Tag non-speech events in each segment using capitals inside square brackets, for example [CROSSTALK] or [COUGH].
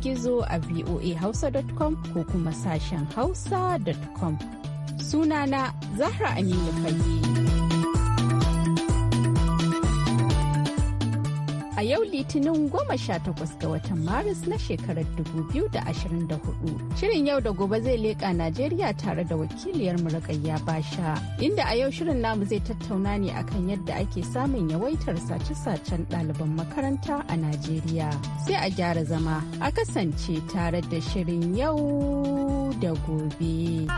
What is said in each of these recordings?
gizo a voahausa.com ko kuma sashen hausa.com. Sunana Zahra Aminu Fage. a yau litinin goma sha takwas ga watan maris na shekarar da da ashirin hudu shirin yau da gobe zai leƙa najeriya tare da wakiliyar murƙayya basha inda a yau shirin namu zai tattauna ne akan yadda ake samun yawaitar sace-sacen ɗaliban makaranta a najeriya sai a gyara zama a kasance tare da shirin yau da gobe.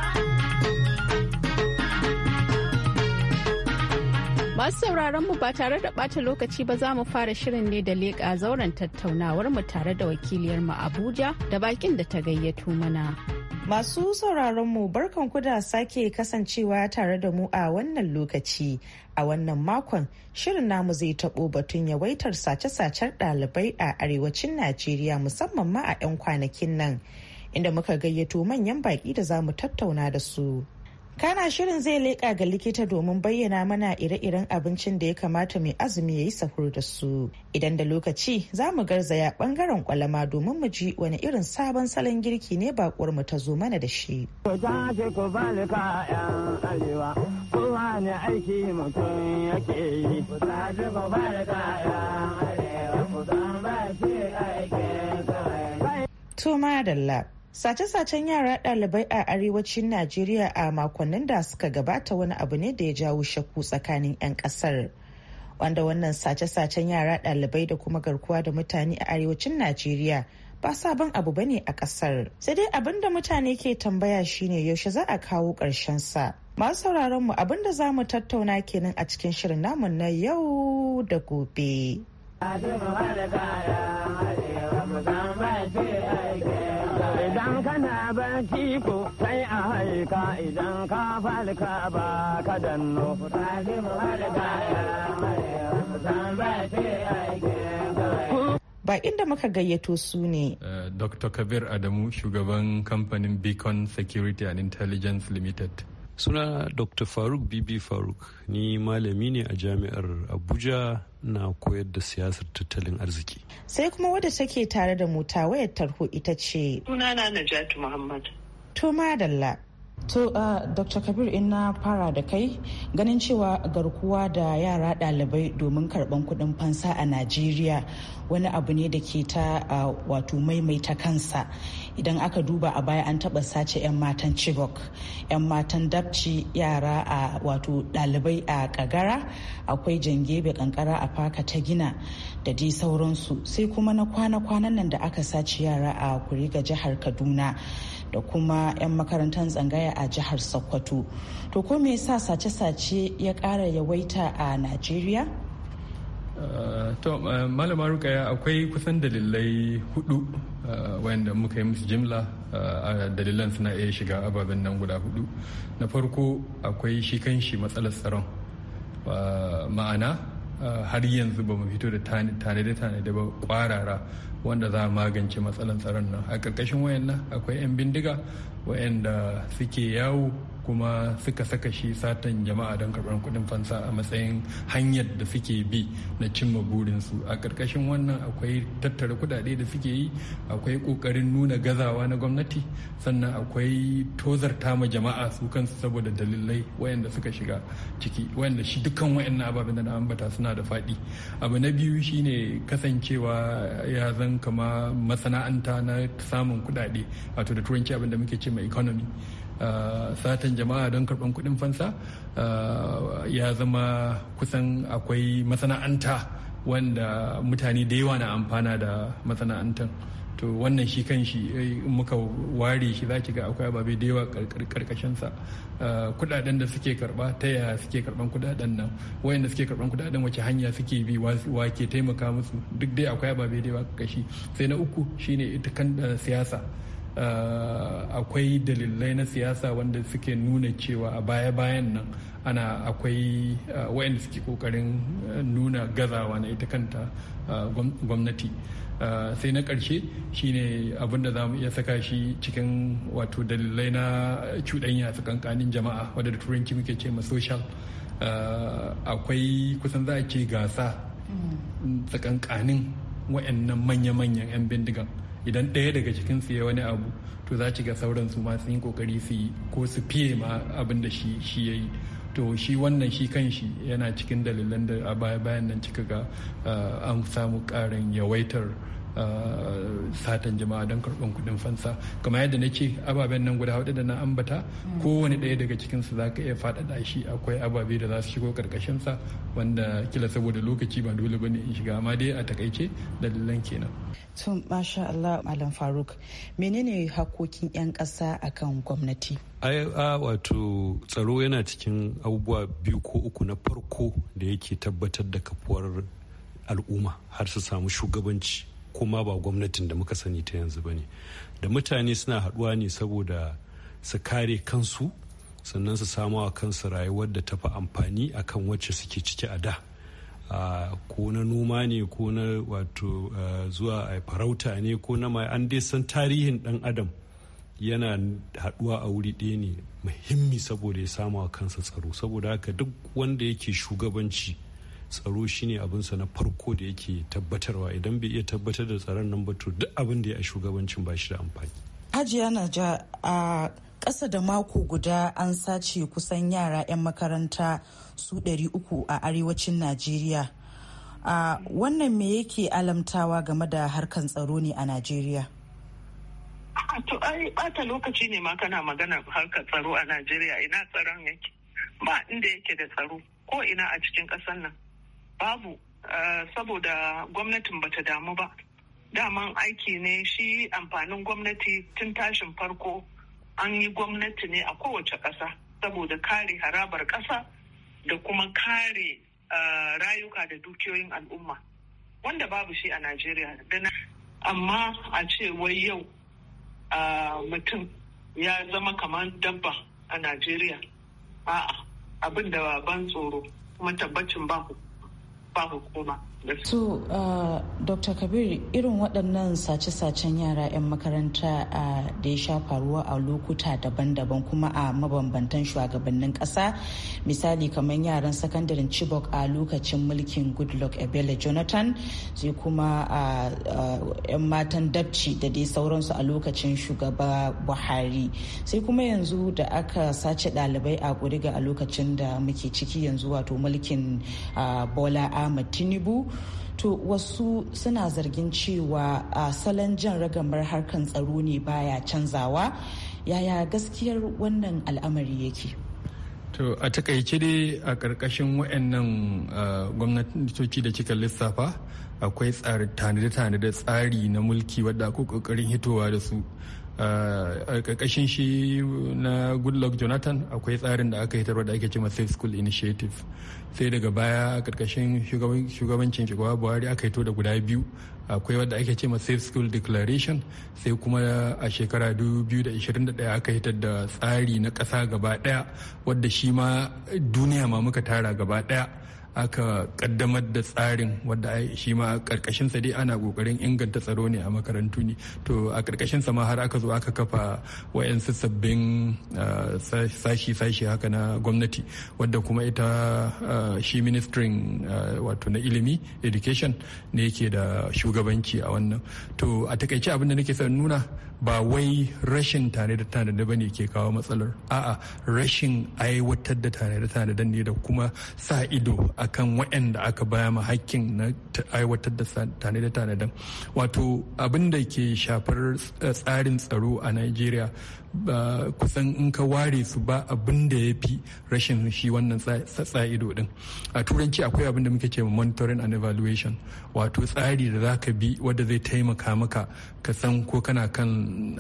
Masu sauraron mu ba tare da ɓata lokaci ba za mu fara shirin ne da leƙa zauren tattaunawar mu tare da wakiliyar mu Abuja da bakin da ta gayyato mana. Masu sauraron mu barkan da sake kasancewa tare da mu a wannan lokaci. A wannan makon shirin namu zai taɓo batun yawaitar sace-sacen ɗalibai a arewacin Najeriya musamman ma a 'yan kwanakin nan. Inda muka gayyato manyan baƙi da za mu tattauna da su. Kana shirin zai leƙa ga likita domin bayyana mana ire-iren abincin da ya kamata mai azumi ya yi sahur da su. Idan da lokaci za mu garzaya ɓangaren kwalama domin mu ji wani irin sabon salon girki ne bakuwar mu ta zo mana da shi. aiki mutum Sace-sacen yara ɗalibai a arewacin Najeriya a makonnin da suka gabata wani abu ne da ya jawo shakku tsakanin 'yan ƙasar. Wanda wannan sace-sacen yara ɗalibai da kuma garkuwa da mutane a arewacin Najeriya ba sabon abu bane a ƙasar. Sai dai abin da mutane ke tambaya shine yaushe za a kawo ƙarshen sa. Masu sauraron mu abin da za mu tattauna kenan a cikin shirin namu na yau da gobe. jiko sai a haika idan ka falka ba ka danno. Mutane ba inda muka gayyato su ne. Eh, Dr. Kabir Adamu, shugaban kamfanin Beacon Security and Intelligence Limited. suna dr faruk bibi faruk ni malami ne a jami'ar abuja na koyar da siyasar tattalin arziki sai kuma wadda take tare da mu ta wayar tarho ita ce na najatu muhammad to madalla To, uh, Dr. Kabir in na fara da kai ganin cewa garkuwa da yara ɗalibai domin karɓan kuɗin fansa a Najeriya wani abu ne da ke ta uh, wato maimaita kansa. Idan aka duba a baya an taba sace 'yan matan Chibok, 'yan matan Dabci yara a wato ɗalibai a Kagara, akwai jangebe kankara a faka ta gina da dai sauransu. Sai kuma na kwana-kwanan nan da aka sace yara a Kuriga jihar Kaduna. da kuma 'yan makarantar tsangaya a jihar sokoto to ko me yasa sace-sace ya kara yawaita a najeriya uh, to uh, malama rukaya akwai kusan dalilai hudu uh, wayanda muka yi musu jimla dalilan suna iya shiga ababen nan guda hudu na farko akwai shi kan shi matsalar tsaron ma'ana har yanzu ba mu fito da tanade-tanade ba kwarara wanda za a magance matsalan tsaron nan a ƙarƙashin wayannan akwai 'yan bindiga wayanda suke yawo kuma suka saka shi satan jama'a don karɓar kuɗin fansa a matsayin hanyar da suke bi na cimma burinsu a ƙarƙashin wannan akwai tattara kuɗaɗe da suke yi akwai ƙoƙarin nuna gazawa na gwamnati sannan akwai tozarta ma jama'a su kansu saboda dalilai wayanda suka shiga ciki wayanda shi dukkan wayannan ababen da na ambata suna da faɗi abu na biyu shine kasancewa ya zan kama masana'anta na samun kuɗaɗe wato da turanci abin da muke ce ma economy satan jama'a don karɓan kuɗin fansa ya zama kusan akwai masana'anta wanda mutane da yawa na amfana da masana'antar to wannan shi kan shi eh, muka ware shi za ki ga akwai ababe da yawa karkashinsa kudaden da suke karba ta yaya suke karban kudaden nan wayanda suke karban kudaden wace hanya suke bi wa ke taimaka musu duk dai akwai ababe da yawa karkashi sai na uku shine ita kan eh, siyasa Eh, akwai dalilai na siyasa wanda suke nuna cewa a baya-bayan nan ana akwai eh, wayanda suke kokarin eh, nuna gazawa na ita kanta gwamnati sai na ƙarshe shine abinda za mu iya saka shi cikin wato dalilai na cuɗanya tsakankanin jama'a wadda da turanci muke ce ma social akwai kusan za a ce gasa mm. tsakankanin wayannan manya-manyan 'yan bindigan idan ɗaya daga cikin su ya wani abu to za ki ga sauran su ma sun kokari su yi ko su fiye ma abin da shi shi ya yi to shi wannan shi kan shi yana cikin dalilan da a baya bayan nan kika ga ah, an samu ƙarin yawaitar satan jama'a don karɓar kuɗin fansa kamar yadda na ce ababen nan guda hudu da na ambata kowane ɗaya daga cikinsu za ka iya faɗaɗa shi akwai ababe da za su shigo ƙarƙashinsa wanda kila saboda lokaci ba dole ba ne in shiga amma dai a takaice dalilan kenan. tun masha Allah Malam Faruk menene hakokin 'yan ƙasa akan gwamnati? ai a wato tsaro yana cikin abubuwa biyu ko uku na farko da yake tabbatar da kafuwar al'umma har su samu shugabanci kuma ba gwamnatin da muka sani ta yanzu ba ne da mutane suna haɗuwa ne saboda su kare kansu sannan su samu a kansu rayuwar da tafi amfani akan wacce suke ciki a da ko na noma ne ko na wato zuwa a farauta ne ko na mai an san tarihin ɗan adam yana haɗuwa a wuri ɗaya ne muhimmi saboda ya samu a kansa tsaro saboda haka duk wanda yake shugabanci tsaro shine abinsa na farko da yake tabbatarwa idan bai iya tabbatar da tsaron nan ba to duk abin da ya a shugabancin ba shi da amfani hajiya na ja a ƙasa da mako guda an sace kusan yara 'yan makaranta su 300 a arewacin najeriya a wannan me yake alamtawa game da harkar tsaro ne a najeriya to ai bata lokaci ne ma kana magana harkar tsaro a najeriya ina tsaron yake ba inda yake da tsaro ko ina a cikin ƙasar nan babu eh, saboda gwamnatin bata damu ba daman aiki ne shi amfanin gwamnati tun tashin farko an yi gwamnati ne a kowace ƙasa saboda kare harabar ƙasa da kuma kare eh, rayuka da dukiyoyin al'umma wanda babu shi a najeriya amma a ce wai yau eh, mutum ya zama kamar dabba a najeriya a'a abin da ban tsoro kuma tabbacin babu 爸不哭吗？So, uh, Dr. Kabir, irin waɗannan sace-sacen yara 'yan makaranta uh, da ya sha faruwa a lokuta daban-daban kuma a mabambantan shugabannin ƙasa, misali kamar yaran sakandaren Chibok a lokacin mulkin Goodluck Ebele Jonathan, sai kuma uh, uh 'yan matan Dabci da dai sauransu a lokacin shugaba Buhari. Sai kuma yanzu da aka sace ɗalibai a ƙuriga a lokacin da muke ciki yanzu wato mulkin uh, Bola Ahmad Tinubu. to wasu suna zargin cewa a salon jan ragamar harkan tsaro ne baya canzawa yaya gaskiyar wannan al'amari yake to a takaice dai a ƙarƙashin waɗannan gwamnatoci da kika lissafa akwai tanade-tanade tsari na mulki wadda ko ƙoƙarin hitowa da su ƙarƙashin shi na goodluck jonathan akwai tsarin da aka hitarwa da ake cewa safe school initiative sai daga baya a ƙarƙashin shugabancin shugaba buhari aka hito da guda biyu akwai wadda ake cewa safe school declaration sai kuma a shekara 2021 aka hitar da tsari na ƙasa gaba ɗaya wadda shi ma duniya ma muka tara gaba ɗaya aka kaddamar da tsarin wadda shi ma karkashin dai ana kokarin inganta tsaro ne a makarantu ne to a karkashin ma har aka zo aka kafa wayansu sabbin ah, sashi-sashi haka na gwamnati wadda kuma ita ah, shi ministrin ah, wato na ilimi education ne yake da shugabanci a wannan to a takaice abin da nake son nuna ba wai rashin tare da tanada ba ne ke kawo matsalar a'a rashin aiwatar da tanada tanada ne da kuma sa ido akan waɗanda aka baya ma hakkin na aiwatar da tanade-tanaden wato abin da ke shafar eh, tsarin tsaro a nigeria ba kusan in ka ware su ba abin da ya fi rashin shi wannan tsa'ido din a turanci akwai abin da muke ce monitoring and evaluation wato tsari da za ka bi wadda zai taimaka maka ka san ko kana kan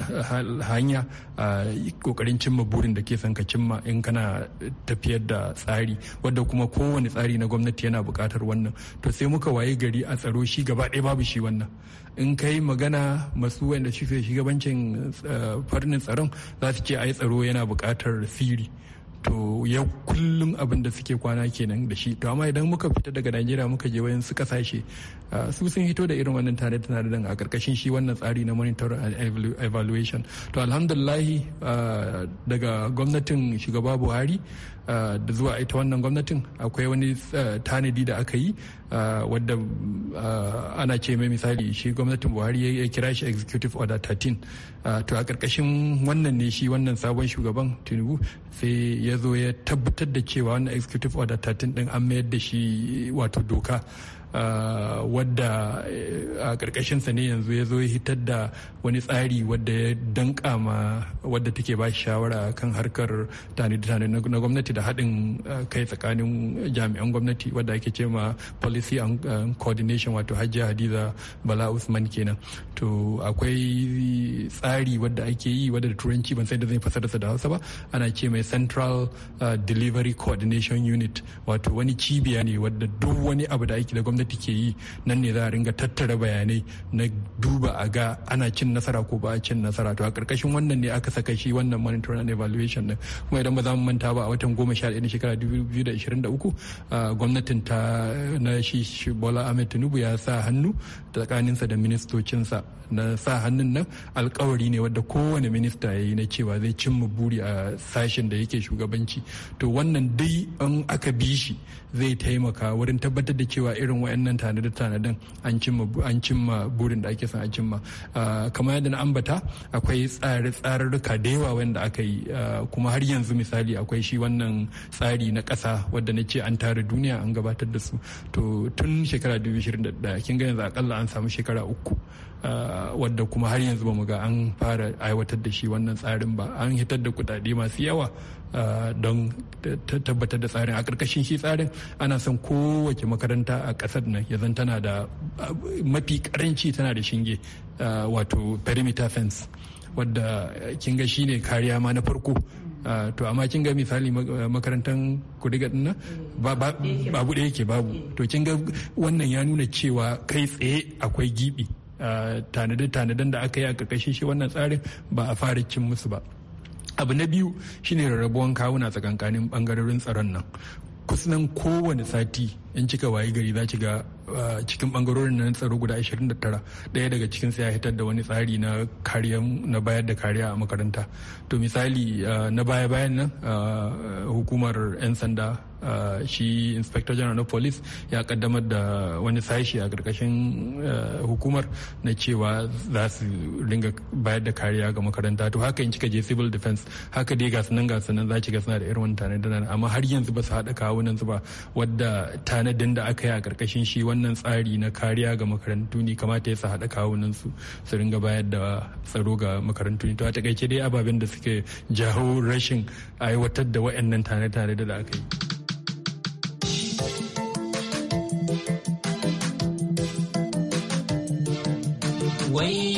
hanya a kokarin cimma burin da ke son ka cimma in kana tafiyar da tsari wadda kuma kowane tsari na gwamnati yana bukatar wannan to sai muka waye gari a tsaro shi gaba ɗaya babu shi wannan in kai magana masu wanda suke shugabancin eh, farnin tsaron za su ce yi tsaro yana buƙatar siri to ya kullum abin da suke kwana kenan da shi to amma idan muka fita daga najeriya muka je wayan su kasashe eh, su sun hito da irin wannan tare tare da a karkashin shi wannan tsari na monitor and evaluation to alhamdulillahi eh, daga gwamnatin shugaba buhari da zuwa ita wannan gwamnatin akwai wani tanadi da aka yi wadda ana ce mai misali shi gwamnatin buhari ya kira shi executive order 13 to a karkashin wannan ne shi wannan sabon shugaban tinubu sai ya zo ya tabbatar da cewa wannan executive order 13 din an mayar da shi wato doka Eh, wadda eh, a sa ne yanzu ya zo ya hitar da wani tsari wadda ya danka ma wadda take ba shawara kan harkar da tani na gwamnati da haɗin eh, kai tsakanin jami'an gwamnati wadda ake ce ma policy and coordination wato Hajji hadiza bala usman kenan to akwai tsari wadda ake yi wadda da turanci ban sai da zai fasar da hausa ba ana ce mai central delivery coordination unit wato wani cibiya ne wadda duk wani abu da ake da gwamnati gwamnati ke yi nan ne za a ringa tattara bayanai na duba a ga ana cin nasara ko ba a cin nasara to a karkashin wannan ne aka saka shi wannan monitoring and evaluation din kuma idan ba za mu manta ba a watan goma sha na shekara dubu gwamnatin ta na shi bola ahmed tinubu ya sa hannu tsakaninsa da ministocinsa na sa hannun nan alkawari ne wadda kowane minista ya yi na cewa zai cimma buri a sashen da yake shugabanci to wannan dai an aka bi shi zai taimaka wurin tabbatar da cewa irin wayannan tanade an cimma an cimma burin da ake son a cimma kamar yadda na ambata akwai tsare-tsararruka da yawa wanda aka yi kuma har yanzu misali akwai shi wannan tsari na ƙasa wadda na ce an tara duniya an gabatar da su to tun shekara 2021 kin ga yanzu akalla an samu shekara uku Ah, wadda kuma har yanzu ba mu ga an fara aiwatar da shi wannan tsarin ba an hitar da kudade masu yawa ah, don tabbatar da tsarin a ƙarƙashin shi tsarin ana son kowace makaranta a ƙasar nan ya zan tana da ah, mafi ƙaranci tana da shinge wato perimeter fence wadda eh, kin ga shine kariya ma na farko to amma kin ga misali eh, makarantar kudiga dinna babu da yake babu to kinga wannan ya nuna cewa kai tsaye akwai gibi tanade-tanaden da aka yi a ƙarƙashin shi wannan tsarin ba a fara cin musu ba abu na biyu shine rarrabuwan kawuna tsakankanin bangarorin tsaron nan kusan kowane sati in cika wayi gari za ga cikin bangarorin nan tsaro guda 29 daya daga cikin ya hitar da wani tsari na kariya na bayar da kariya a makaranta to misali na baya bayan nan hukumar 'yan sanda shi inspector general na police ya kaddamar da wani sashi a karkashin eh, hukumar na cewa za su ringa bayar da kariya ga makaranta to haka in cika je civil defense haka dai gasu nan gasu nan za ci ga suna da irin wani da amma har yanzu ba su haɗa kawo nan su ba wadda tanadin da aka yi a karkashin shi wannan tsari na kariya ga makarantu ne kamata ya su haɗa kawo nan su su ringa bayar da tsaro ga makarantu ne to a takaice dai ababen da suke jawo rashin aiwatar da waɗannan tare da aka yi. Wait.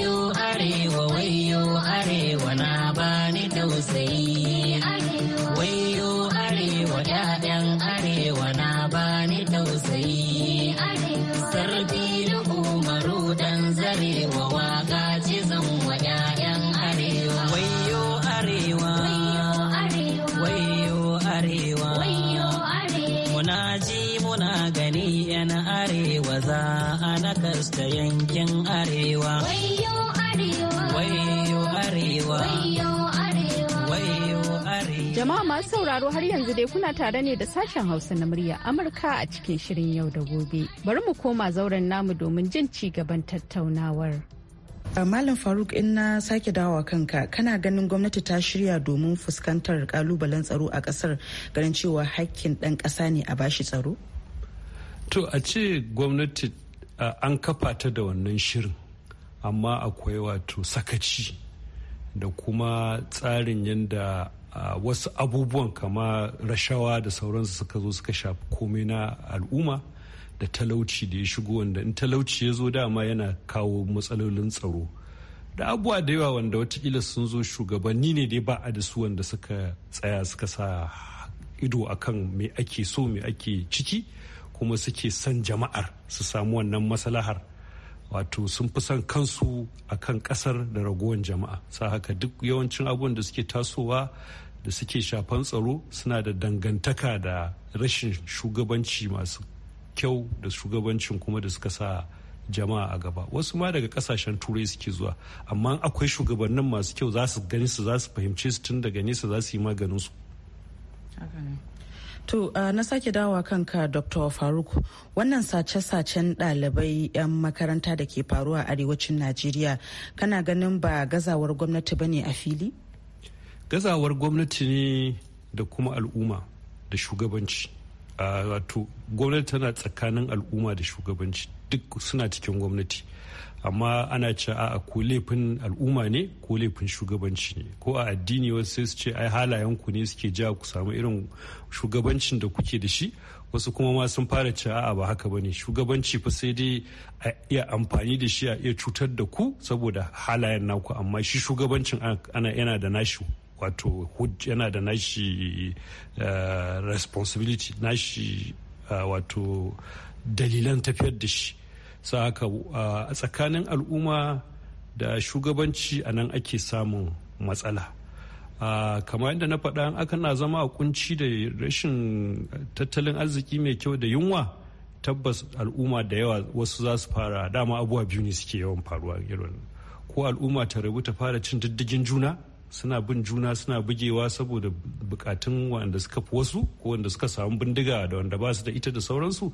masu sauraro har yanzu dai kuna tare ne da sashen Hausa na murya Amurka a cikin shirin yau da gobe. Bari mu koma zauren namu domin jin ci gaban tattaunawar. Malam Faruk in na sake dawowa kanka kana ganin gwamnati ta shirya domin fuskantar kalubalen tsaro a kasar ganin cewa hakkin ɗan ƙasa ne a bashi tsaro? To a ce gwamnati an kafa ta da wannan shirin amma akwai wato sakaci da kuma tsarin yadda wasu abubuwan kama rashawa da sauransu suka zo suka shafi komai na al'umma da talauci da ya shigo wanda in talauci ya zo dama yana kawo matsalolin tsaro da abubuwa da yawa wanda watakila sun zo shugabanni ne dai ba a da su wanda suka tsaya suka sa ido akan me ake so me ake ciki kuma suke son jama'ar su samu wannan masalahar. wato sun fi son kansu a kan kasar da ragowar jama'a sa haka duk yawancin abubuwan da suke tasowa da suke shafan tsaro suna da dangantaka da rashin shugabanci masu kyau da shugabancin kuma da suka sa jama'a a gaba wasu ma daga kasashen turai suke zuwa amma akwai shugabannin masu kyau za su gani su za su fahimce su tun daga nesa za su yi maganin su To uh, na sake dawa kanka Dr. Faruk wannan sace-sacen ɗalibai 'yan makaranta da ke faruwa a arewacin Najeriya kana ganin ba gazawar gwamnati ba ne a fili? Gazawar gwamnati ne da kuma al'umma da shugabanci. Uh, to gwamnati tana tsakanin al'umma da shugabanci duk suna cikin gwamnati. amma ana ce a ko laifin al'umma ne ko laifin shugabanci ne ko a addini wasu sai su ce ai halayenku ne suke ja ku samu irin shugabancin da kuke da shi wasu kuma ma sun fara ce a'a ba haka bane shugabanci fa sai dai a iya amfani da shi a iya cutar da ku saboda halayen naku amma shi shugabancin ana yana da nashi wato yana da nashi eh, responsibility nashi eh, wato dalilan tafiyar da shi saka uh, a tsakanin al'umma da shugabanci a nan ake samun matsala uh, kamar yadda na faɗa aka na zama a kunci da rashin tattalin arziki mai kyau da yunwa tabbas al'umma da yawa wasu za su fara dama abubuwa biyu ne suke yawan faruwa irin ko al'umma ta rabu ta fara cin diddigin juna suna bin juna suna bugewa saboda bukatun wanda suka fi wasu ko wanda suka samu bindiga da wanda ba su da ita da sauransu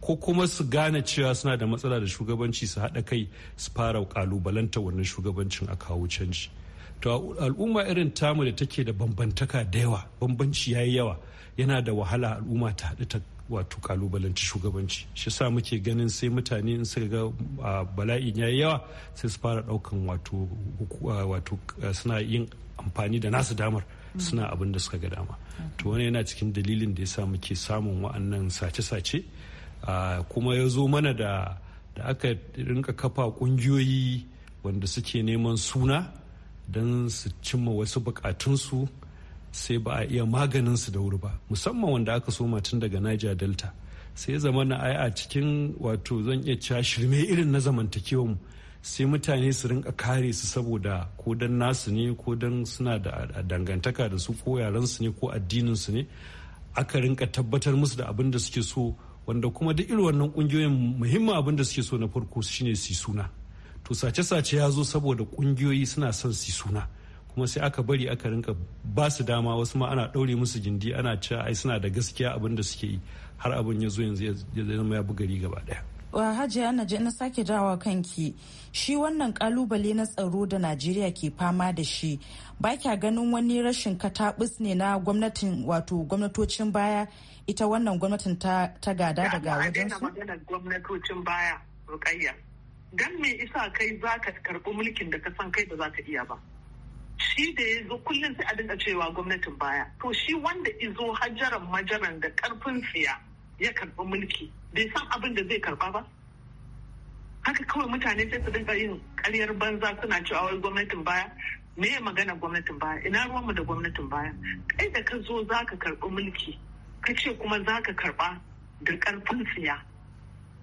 ko kuma su gane cewa suna da matsala da shugabanci su haɗa kai su fara kalubalanta wannan shugabancin a kawo canji to al'umma irin tamu da take da bambantaka da yawa bambanci yayi yawa yana da wahala al'umma ta haɗu ta wato kalubalanci shugabanci shi sa muke ganin sai mutane in suka ga bala'in yi yawa sai su fara daukan wato wato suna yin amfani da nasu damar suna abin da suka ga dama to wani yana cikin dalilin da ya sa muke samun wa'annan sace-sace kuma ya zo mana da da aka rinka kafa kungiyoyi wanda suke neman suna don su cimma wasu bukatunsu sai ba a iya maganin su da wuri ba musamman wanda aka soma tun daga niger delta sai zama na ai a cikin wato zan iya cewa shirme irin na zamantakewa sai mutane su rinka kare su saboda ko dan nasu ne ko dan suna da dangantaka da su ko yaran su ne ko addinin su ne aka rinka tabbatar musu da abin da suke so wanda kuma duk irin wannan kungiyoyin muhimman abin da suke so na farko shine su suna to sace-sace ya zo saboda kungiyoyi suna son su suna kuma sai aka bari aka rinka ba su dama wasu ma ana ɗaure musu jindi ana cewa ai suna da gaskiya abin da suke yi har abin ya zo yanzu ya zama ya bugari gaba ɗaya. hajiya na na sake dawa kanki shi wannan kalubale na tsaro da najeriya ke fama da shi ba kya ganin wani rashin kataɓus ne na gwamnatin wato gwamnatocin baya ita wannan gwamnatin ta gada daga wajen su? gwamnatocin baya rukayya don me isa kai za ka karɓi mulkin da ka san kai ba za ka iya ba shi da ya zo kullum sai a dinga cewa gwamnatin baya to shi wanda izo hajaran majaran da karfin siya ya karɓi mulki bai san abin da zai karɓa ba haka kawai mutane sai su dinga yin karyar banza suna cewa wai gwamnatin baya me ya magana gwamnatin baya ina ruwan mu da gwamnatin baya kai da ka zo za ka karɓi mulki ka ce kuma za ka karɓa da karfin siya?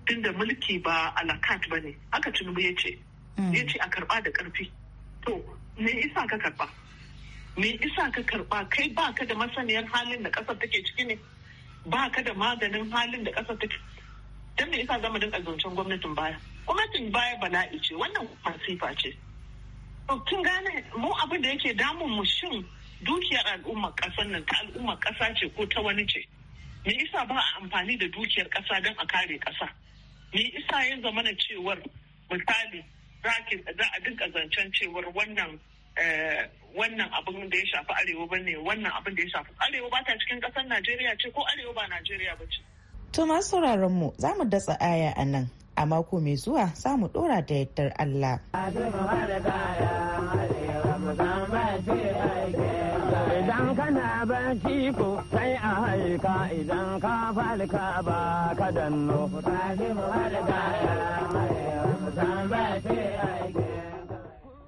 tunda mulki ba alakat ba ne haka tunubu ya ce mm. ya ce a karɓa da karfi to me isa ka karba me isa ka karba kai ba ka da masaniyar halin da kasar take ciki ne ba ka da maganin halin da kasar take dan me isa zama dinka zancen gwamnatin baya gwamnatin baya bana ce wannan masifa ce to kin gane mu abin da yake damun mu shin dukiyar al'ummar kasar nan ta al'ummar kasa ce ko ta wani ce me isa ba a amfani da dukiyar kasa don a kare kasa me isa ya zama na cewar misali za a dinka zancen cewar wannan eh, wannan abin da ya shafi arewa ba ne wannan abin da ya shafi arewa ba ta cikin kasar najeriya ce ko arewa ba najeriya ba ce. to masu sauraron mu za mu datsa aya a nan a mako mai zuwa za mu dora da yardar allah. idan kana barci ko sai a haika idan ka falka ba ka danno.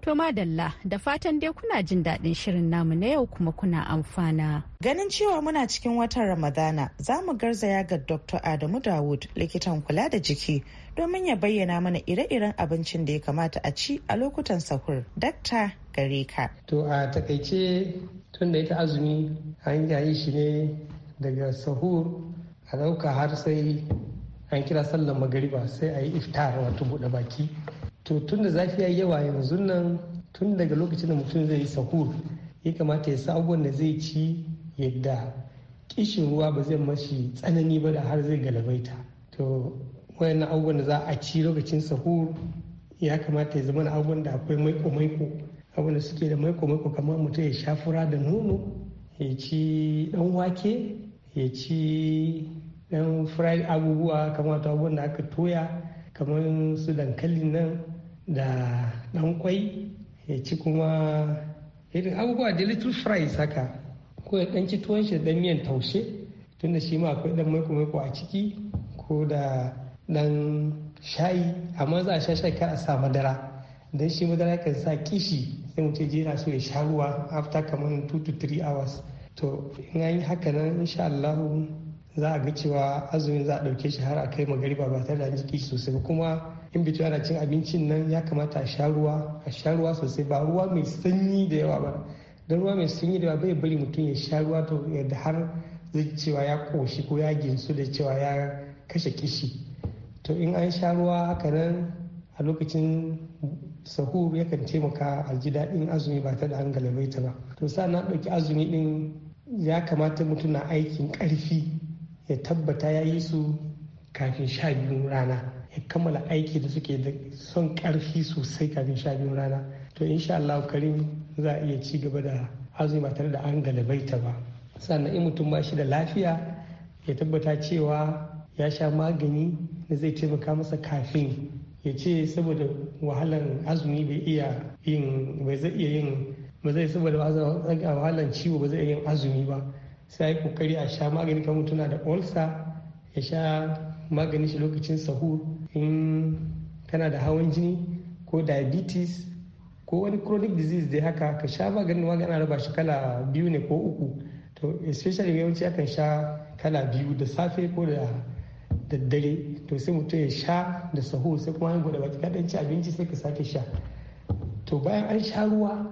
To madalla da fatan dai kuna jin daɗin shirin namu na yau kuma kuna amfana. Ganin cewa muna cikin watan Ramadana za mu garzaya ga Dr. Adamu Dawud likitan kula da jiki domin ya bayyana mana ire-iren abincin da ya kamata a ci a lokutan sahur. Dakta gare ka. To a takaice tun da ita azumi an yayi shi ne daga sahur a ɗauka har sai an kira sallar magariba sai a yi iftar wato buɗe baki to tun da zafi ya yi yawa yanzu nan tun daga lokacin da mutum zai yi sahur ya kamata ya sa abubuwan da zai ci yadda kishin ruwa ba zai mashi tsanani ba da har zai galabaita to wayannan abubuwan da za a ci lokacin sahur ya kamata ya zama abubuwan da akwai maiko-maiko abin da suke da maiko-maiko kamar mutum ya sha fura da nono ya ci dan wake ya ci Ɗan fried abubuwa kamar abubuwan da aka toya kamar su dankali nan da ɗan kwai ya ci kuma irin abubuwa da little fries haka ko ya ɗan ci tuwon shi da miyan taushe tunda shi ma akwai ɗan maiko maiko a ciki ko da ɗan shayi amma za a sha shayi kar a sa madara don shi madara kan sa kishi sai mutum jera yana so ya sha ruwa after kamar 2 to 3 hours to in an yi haka nan insha Allah za a ga cewa azumin za a ɗauke shi har a kai magariba ba tare da jiki sosai ba kuma in bitu ana cin abincin nan ya kamata a sha ruwa a sha ruwa sosai ba ruwa mai sanyi da yawa ba don ruwa mai sanyi da yawa bai bari mutum ya sha ruwa to yadda har zai cewa ya koshi ko ya ginsu da cewa ya kashe kishi to in an sha ruwa haka nan a lokacin sahu yakan taimaka a ji daɗin azumi ba tare da an galabaita ba to sa na ɗauki azumi ɗin ya kamata mutum na aikin ƙarfi ya tabbata ya yi su kafin sha biyun rana ya kammala aiki da suke da son karfi sosai kafin sha biyun rana to insha Allah karim za a iya ci gaba da azumi ba tare da an galibai ta ba sannan in mutum ba shi da lafiya ya tabbata cewa ya sha magani da zai taimaka masa kafin ya ce saboda wahalan azumi bai iya yin bai zai iya yin ba zai saboda wahalan ciwo ba zai iya yin azumi ba sai kokari a sha magani kan mutuna da olsa ya sha magani shi lokacin sahu in kana da hawan jini ko diabetes ko wani chronic disease dai haka ka sha maganin magana raba shi kala biyu ne ko uku to especially yawanci akan sha kala biyu da safe ko da daddare to sai mutum ya sha da sahur sai kuma an gwada baki kaɗan ci abinci sai ka sake sha to bayan an sha ruwa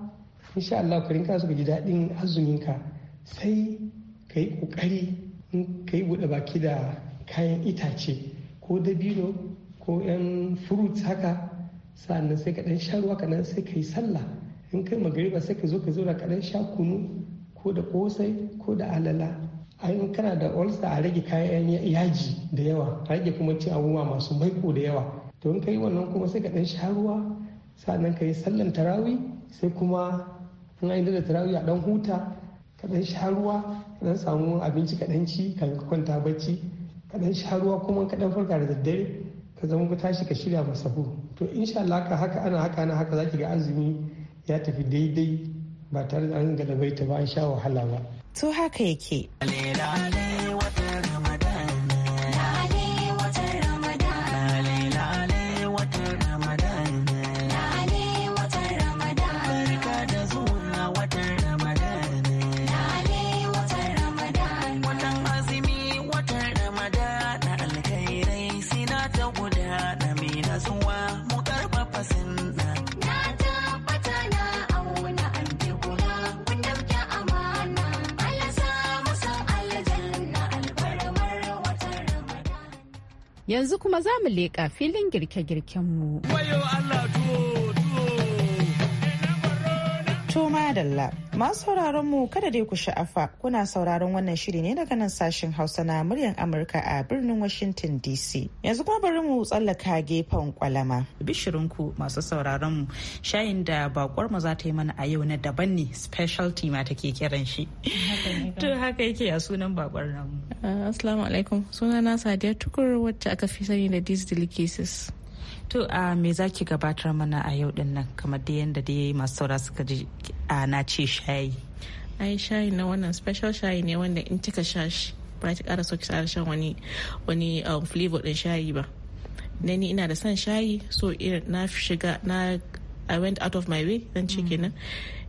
insha Allah ka rinka suka ji daɗin ka sai ka yi ƙoƙari in ka yi buɗe baki da kayan itace ko dabino ko 'yan fruits haka sa'annan sai ka ɗan sha ruwa kaɗan sai ka yi sallah in kai magariba sai ka zo ka zauna kaɗan sha kunu ko da ƙosai ko da alala in kana da ulcer a rage kayan yaji da yawa a rage kuma cin abubuwa masu maiko da yawa to in ka yi wannan kuma sai ka ɗan sha ruwa sa'annan ka yi sallan tarawi sai kuma in an da tarawi a ɗan huta ka ɗan sha ruwa ka samu abinci kaɗan ci ka kwanta bacci kaɗan sha ruwa kuma kaɗan farka da daddare ka zama ka tashi ka shirya ba sabo to insha Allah ka haka ana haka ana haka zaki ga azumi ya tafi daidai ba tare da an galabaita ba an sha wahala ba to haka yake Yanzu kuma za mu leƙa filin girke-girkenmu. Wayo Allah tuwo! To madalla masu sauraron mu kada dai ku sha'afa kuna sauraron wannan shiri ne daga nan sashen Hausa na muryar Amurka a birnin Washington DC. Yanzu kuma bari mu tsallaka gefen kwalama. Bishirinku masu sauraron mu shayin da bakwar mu za ta yi mana a yau na daban ne specialty ma take kiran shi. To haka yake a sunan bakwar namu. Ah, assalamu alaikum sunana Sadiya Tukur wacce aka fi sani da these delicacies. To a me za ki gabatar mana a yau din nan kamar da yadda dai masu saura suka ji a na ce shayi. Ai shayi na wannan special shayi ne wanda in kika sha shi ba ki ƙara so ki tsara shan wani wani um, flavor din shayi ba. Na ni ina da son shayi so irin na shiga na I went out of my way zan ce mm. kenan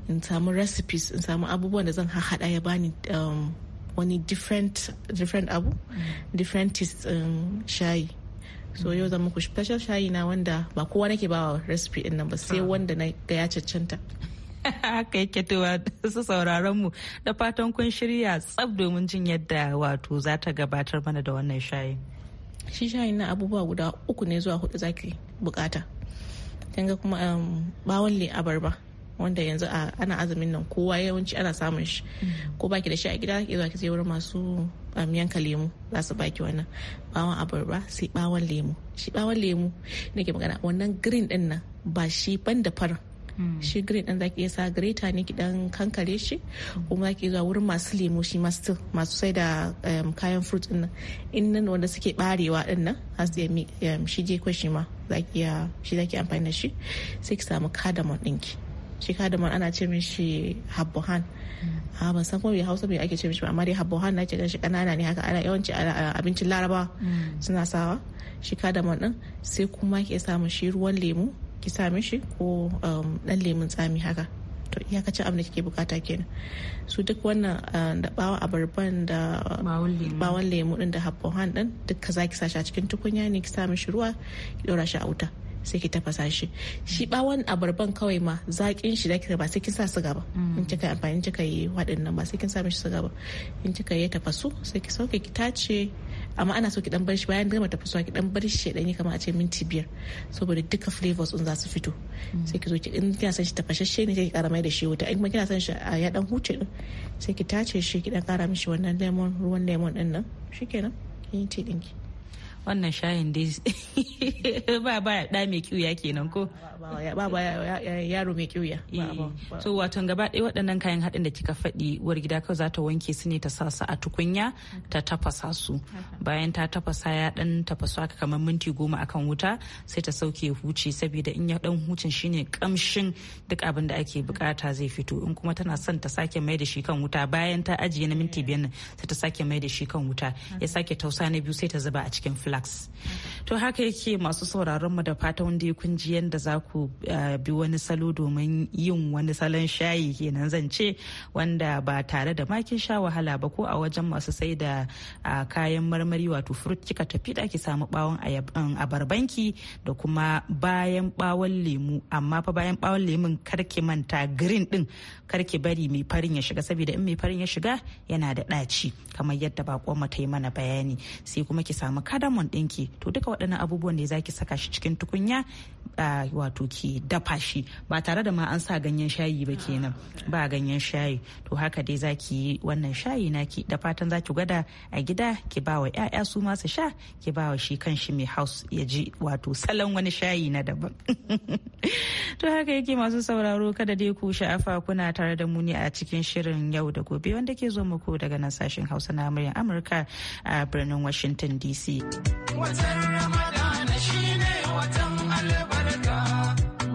in samu recipes in samu abubuwan da zan haɗa ya bani um, wani different different abu mm. different taste um, shayi. so yau zan muku special shayi na wanda ba kowa nake ba recipe din nan ba sai ah. wanda na ga ya cancanta haka yake su sauraron mu da fatan kun shirya tsab domin jin yadda wato za ta gabatar mana da wannan shayi shi shayin na abubuwa guda uku ne zuwa hudu zaki bukata kin ga kuma bawon um, le abarba wanda yanzu ana azumin nan kowa yawanci ana samun shi ko baki da shi a gida ya zuwa ki sai wurin masu um, yanka lemu za su baki wannan bawon abarba sai bawon lemu shi bawon lemu nake magana wannan green din nan ba shi ban da fara hmm. shi green din zaki iya sa greta ne ki dan kankare shi kuma zaki zuwa wurin masu lemu shi masu masu sai da um, kayan fruit din nan in nan wanda suke barewa din nan har sai um, shi je kwashi shi ma zaki iya shi zaki amfani da shi sai ki samu cardamom ɗinki shi man ana ce mishi habbohan mm. a ah, ban san kuma hausa mai ake ce mishi ba amma dai habbohan na ke gan shi kanana ne haka ana yawanci abincin laraba mm. suna sawa shi man din sai kuma ke samu shi ruwan lemu ki sa mishi ko dan um, lemun tsami haka to iyakacin abin da kike bukata kenan su duk wannan ah, da bawa abarban da bawon lemu din da habbohan din duka zaki sa shi a cikin tukunya ne ki sa mishi ruwa ki dora shi a wuta sai ki tafasa shi shi bawon abarban kawai ma zaƙin shi zaki ba sai kin sa suga ba mm. in kika amfani kika yi waɗannan ba sai kin sa mishi suga ba in kika yi tafasu sai ki sauke ki tace amma ana so ki dan bar shi bayan gama tafasuwa ki dan bar shi dan yi kamar a ce minti biyar saboda duka flavors din za su fito mm. sai ki zo ki in kina son shi tafashashe ne sai ki kara mai da shi wuta in kuma kina son shi a ya dan huce din sai ki tace shi ki dan kara mishi wannan lemon ruwan lemon din nan shikenan kin yi ti dinki wannan shayin dai [LAUGHS] ba ba da mai kiwiya kenan ko ba ba yaro mai kyuya so eh, wato gaba ɗaya waɗannan kayan haɗin da kika faɗi uwar gida kawai za ta wanke su ne ta sa su a tukunya ta tafasa su bayan ta tafasa ya ɗan tafasa haka kamar minti goma akan wuta sai ta sauke huce saboda in ya ɗan hucin shine kamshin duk abin da ake bukata zai fito in kuma tana son ta sake mai da shi kan wuta bayan ta ajiye na minti biyar nan sai ta sake mai da shi kan wuta ya sake tausa na biyu sai ta zuba a cikin flax to haka yake masu sauraron mu da fatan wanda ya kunji yanda za ku ku eh, bi wani salo domin yin wani salon shayi kenan zan ce wanda ba tare da makin sha wahala ba ko a wajen masu sai da kayan marmari wato fruit kika tafi da ki samu bawon um, abarbanki da kuma bayan bawon lemu amma fa bayan bawon lemun karki manta green din karki bari mai farin ya shiga saboda in mai farin ya shiga yana da ɗaci kamar yadda bakon ta yi mana bayani sai kuma ki samu kadamon dinki to duka waɗannan abubuwan ne zaki saka shi cikin tukunya wato ke dafa shi ba tare da ma an sa ganyen shayi ba kenan ba ganyen shayi to haka dai zaki yi wannan shayi na ki da fatan zaki gwada a gida ki ba wa 'ya'ya su masu sha ki ba wa shi kan shi mai house ya ji wato salon wani shayi na daban [LAUGHS] to haka yake masu sauraro kada dai ku sha'afa kuna tare da mu ne a cikin shirin yau da gobe wanda ke zo muku daga nan sashen hausa na amurka a birnin washington dc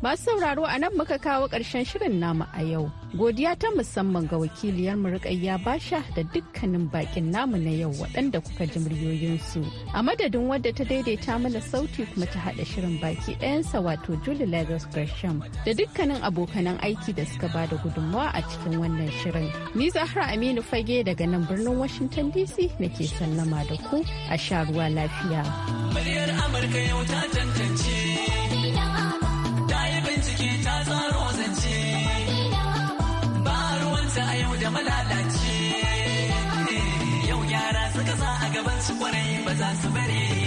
Masu sauraro a nan muka kawo ƙarshen shirin namu a yau. Godiya ta musamman ga wakiliyar Murƙayya Basha da dukkanin bakin namu na yau waɗanda kuka ji muryoyinsu. A madadin wadda ta daidaita mana sauti kuma ta haɗa shirin baki ɗayansa wato Juli Lagos Gresham da dukkanin abokanan aiki da suka ba da gudunmawa a cikin wannan shirin. Ni Zahra Aminu Fage daga nan birnin Washington DC nake sallama da ku a sha ruwa lafiya. Muryar Amurka yau ta tantance. take ta tsaro zance ba ruwanta a yau da malalace eh, yau yara suka sa a gaban su kwarai ba za su bare